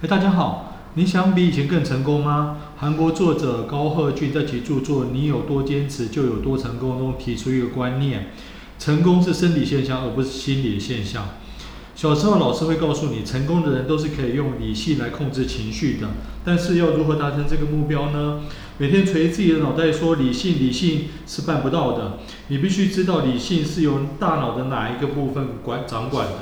哎，大家好！你想比以前更成功嗎？韓國作者高赫俊在其著作《你有多堅持就有多成功》中提出一個觀念：成功是生理現象，而不是心理現象。小時候，老師會告訴你，成功的人都是可以用理性來控制情緒的。但是，要如何達成這個目標呢？每天捶自己的腦袋說“理性，理性”是辦不到的。你必須知道，理性是由大腦的哪一個部分管，掌管的？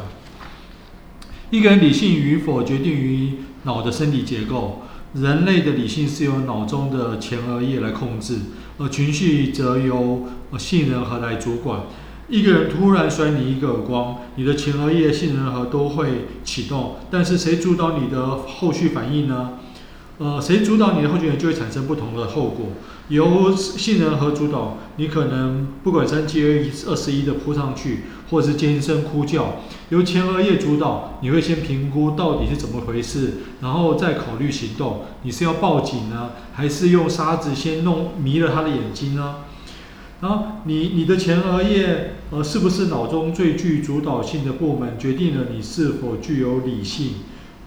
一個人理性與否，決定於腦的身體結構。人類的理性是由腦中的前額葉來控制，而情緒則由呃、杏仁核來主管。一個人突然甩你一個耳光，你的前額葉、杏仁核都會啟動，但是誰主導你的後續反應呢？呃，誰主導你的後選人，會就會產生不同的後果。由杏仁核主導，你可能不管三七二十一的撲上去，或者是尖聲哭叫。由前額葉主導，你會先評估到底是怎麼回事，然後再考慮行動。你是要報警呢，還是用沙子先弄迷了他的眼睛呢？然後你，你你的前額葉，呃，是不是腦中最具主導性的部門，決定了你是否具有理性、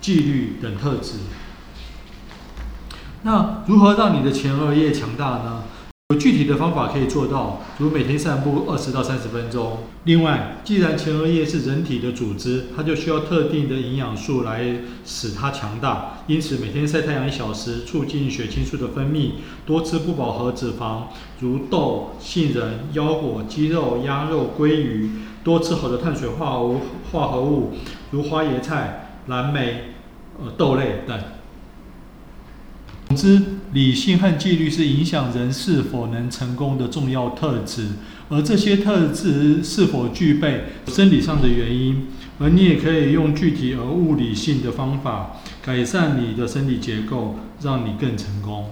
紀律等特質？那如何讓你的前額葉強大呢？有具體的方法可以做到，如每天散步二十到三十分鐘。另外，既然前額葉是人體的組織，它就需要特定的營養素來使它強大。因此，每天曬太陽一小時，促進血清素的分泌；多吃不飽和脂肪，如豆、杏仁、腰果、雞肉、鴨肉、鮭魚；多吃好的碳水化物化合物，如花椰菜、藍莓、呃豆類等。知理性和紀律是影響人是否能成功的重要特質，而這些特質是否具備生理上的原因，而你也可以用具體而物理性的方法，改善你的身體結構，讓你更成功。